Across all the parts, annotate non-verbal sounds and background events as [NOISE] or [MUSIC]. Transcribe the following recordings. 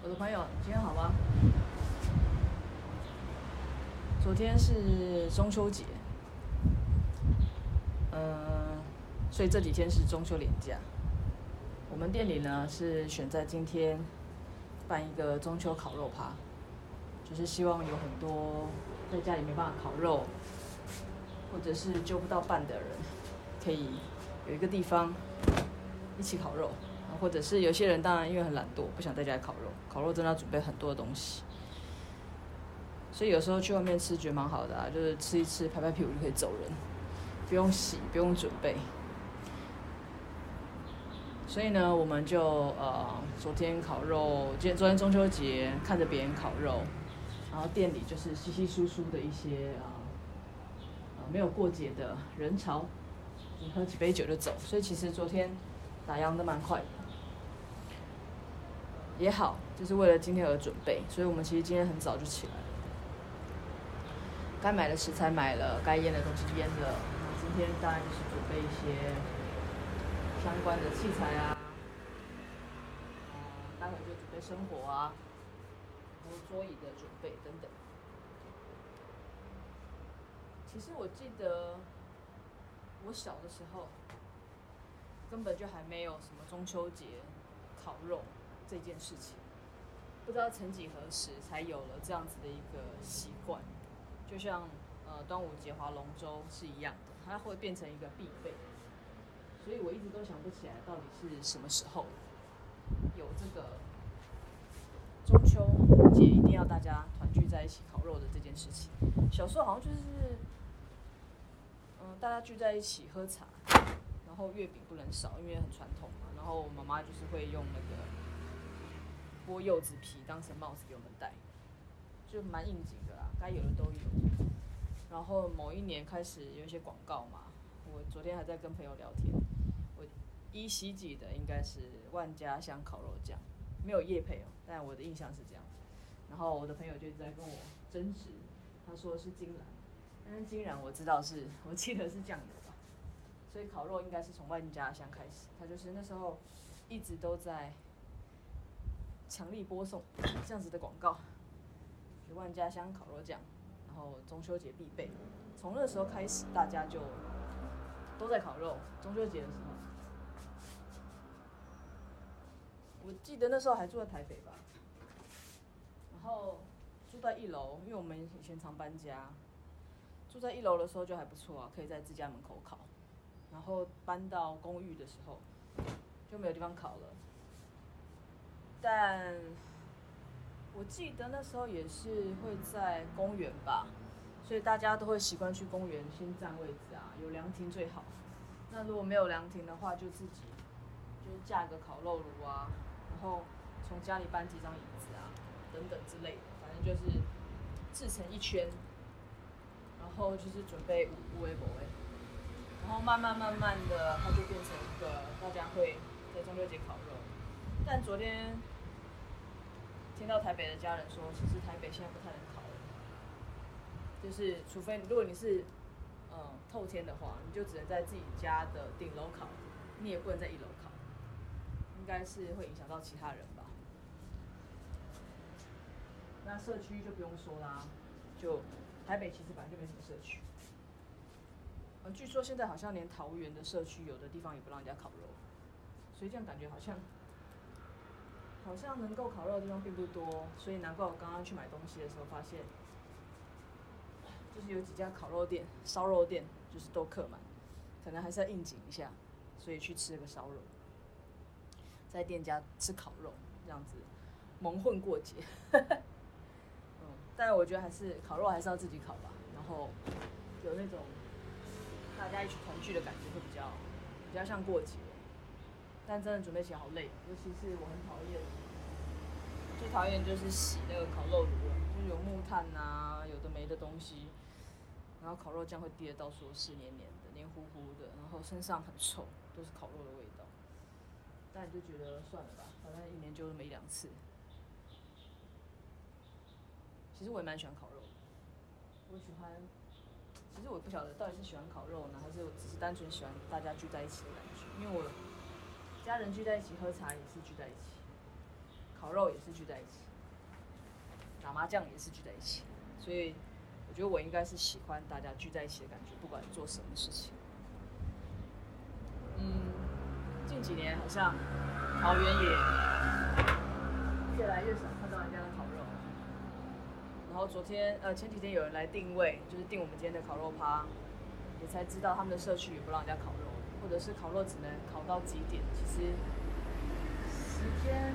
我的朋友，今天好嗎？昨天是中秋節，嗯，所以這幾天是中秋連假。我們店裡呢是選在今天辦一個中秋烤肉趴，就是希望有很多在家裡沒辦法烤肉，或者是揪不到伴的人，可以有一個地方一起烤肉。或者是有些人當然因為很懶惰，不想在家烤肉，烤肉真的要準備很多的東西，所以有時候去外面吃覺得蠻好的啊，就是吃一吃，拍拍屁股就可以走人，不用洗，不用準備。所以呢，我們就呃昨天烤肉，今天昨天中秋節看着別人烤肉，然後店裡就是稀稀疏疏的一些啊呃，呃沒有過節的人潮，你喝幾杯酒就走，所以其實昨天打烊的蠻快的。也好，就是為了今天而準備，所以我們其實今天很早就起來了。該買的食材買了，該醃的東西醃了。那今天大概就是準備一些相關的器材啊，嗯，待會就準備生火啊，桌桌椅的準備等等。其實我記得我小的時候根本就還沒有什麼中秋節烤肉。這件事情，不知道曾幾何時才有了這樣子的一個習慣，就像呃端午節划龍舟是一樣的，它會變成一個必備。所以我一直都想不起來到底是什麼時候有這個中秋節一定要大家團聚在一起烤肉的這件事情。小時候好像就是嗯、呃、大家聚在一起喝茶，然後月餅不能少，因為很傳統嘛。然後我媽媽就是會用那個。剝柚子皮當成帽子給我們戴，就蠻應景的啦，該有的都有。然後某一年開始有一些廣告嘛，我昨天還在跟朋友聊天，我依稀記得應該是萬家香烤肉醬，沒有業配哦，但我的印象是這樣子。然後我的朋友就在跟我爭執，他說是金蘭，但是金蘭我知道是，我記得是醬油吧，所以烤肉應該是從萬家香開始，他就是那時候一直都在。強力播送這樣子的廣告，有萬家香烤肉醬，然後中秋節必備。從那時候開始，大家就都在烤肉。中秋節的時候，我記得那時候還住在台北吧，然後住在一樓，因為我們以前常搬家，住在一樓的時候就還不錯啊，可以在自家門口烤。然後搬到公寓的時候，就沒有地方烤了。但我記得那時候也是會在公園吧，所以大家都會習慣去公園先佔位置啊，有涼亭最好。那如果沒有涼亭的話，就自己就是架個烤肉爐啊，然後從家裡搬幾張椅子啊，等等之類的，反正就是製成一圈，然後就是準備五五位各位，然後慢慢慢慢的，它就變成一個大家會在中秋節烤肉。但昨天聽到台北的家人說，其實台北現在不太能烤肉。就是除非如果你是嗯透天的話，你就只能在自己家的頂樓烤，你也不能在一樓烤，應該是會影響到其他人吧？那社區就不用說啦，就台北其實本來就沒什麼社區。啊，據說現在好像連桃園的社區有的地方也不讓人家烤肉，所以這樣感覺好像。好像能夠烤肉的地方並不多，所以難怪我剛剛去買東西的時候發現，就是有幾家烤肉店、燒肉店就是都客滿，可能還是要應景一下，所以去吃了個燒肉，在店家吃烤肉這樣子蒙混過節。 [LAUGHS] 嗯，但我覺得還是烤肉還是要自己烤吧，然後有那種大家一起團聚的感覺會比較比較像過節。但真的準備起來好累，尤其是我很討厭，最討厭就是洗那個烤肉爐了，就是、有木炭啊，有的沒的東西，然後烤肉醬會滴得到處都是，黏黏的，黏糊糊的，然後身上很臭，都是烤肉的味道。但你就覺得算了吧，反正一年就那麼一兩次。其實我也蠻喜歡烤肉，我喜歡，其實我不曉得到底是喜歡烤肉呢，還是我只是單純喜歡大家聚在一起的感覺，因為我。家人聚在一起喝茶，也是聚在一起，烤肉也是聚在一起，打麻將也是聚在一起，所以我覺得我應該是喜歡大家聚在一起的感覺，不管做什麼事情。嗯，近幾年好像桃園也越來越少看到人家的烤肉，然後昨天呃前幾天有人來定位，就是定我們今天的烤肉趴，也才知道他們的社區也不讓人家烤肉。或者是烤肉只能烤到幾點？其實時間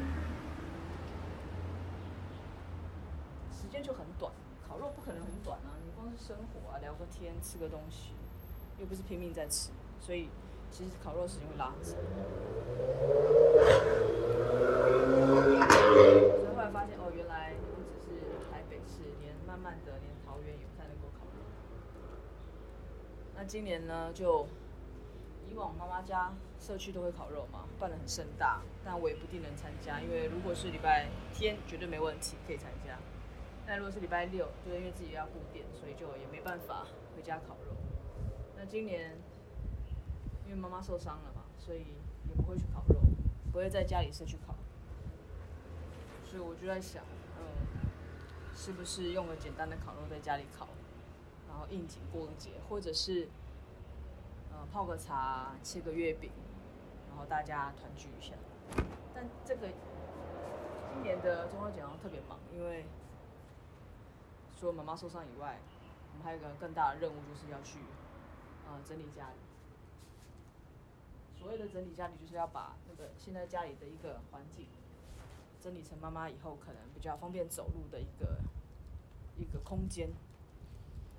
時間就很短，烤肉不可能很短啊，你光是生火啊，聊個天，吃個東西，又不是拼命在吃，所以其實烤肉時間會拉長。 [LAUGHS] 所以後來發現，哦，原來不只是台北市，連慢慢的連桃園也不太能夠烤肉。那今年呢，就。以往媽媽家社區都會烤肉嘛，辦得很盛大，但我也不定能參加，因為如果是禮拜天，絕對沒問題可以參加。但如果是禮拜六，就是因為自己要顧店，所以就也沒辦法回家烤肉。那今年因為媽媽受傷了嘛，所以也不會去烤肉，不會在家裡社區烤。所以我就在想，嗯、呃，是不是用個簡單的烤肉在家裡烤，然後應景過個節，或者是？泡個茶，吃個月餅，然後大家團聚一下。但這個今年的中秋節好像特別忙，因為除了媽媽受傷以外，我們還有一個更大的任務，就是要去，呃，整理家裡。所謂的整理家裡，就是要把那個現在家裡的一個環境，整理成媽媽以後可能比較方便走路的一個一個空間，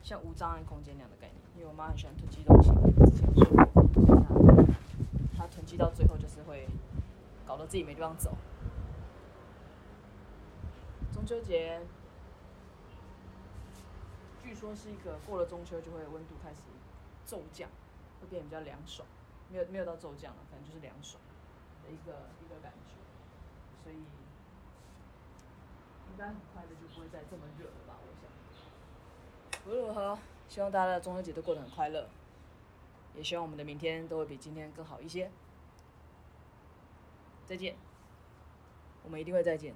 像無障礙空間那樣的概念。因為我媽很喜歡囤積東西。自己沒地方走。中秋節，據說是一個過了中秋就會溫度開始驟降，會變得比較涼爽，沒有沒有到驟降了，反正就是涼爽的一個一個感覺，所以應該很快的就不會再這麼熱了吧？我想。無論如何，希望大家的中秋節都過得很快樂，也希望我們的明天都會比今天更好一些。再見，我們一定會再見。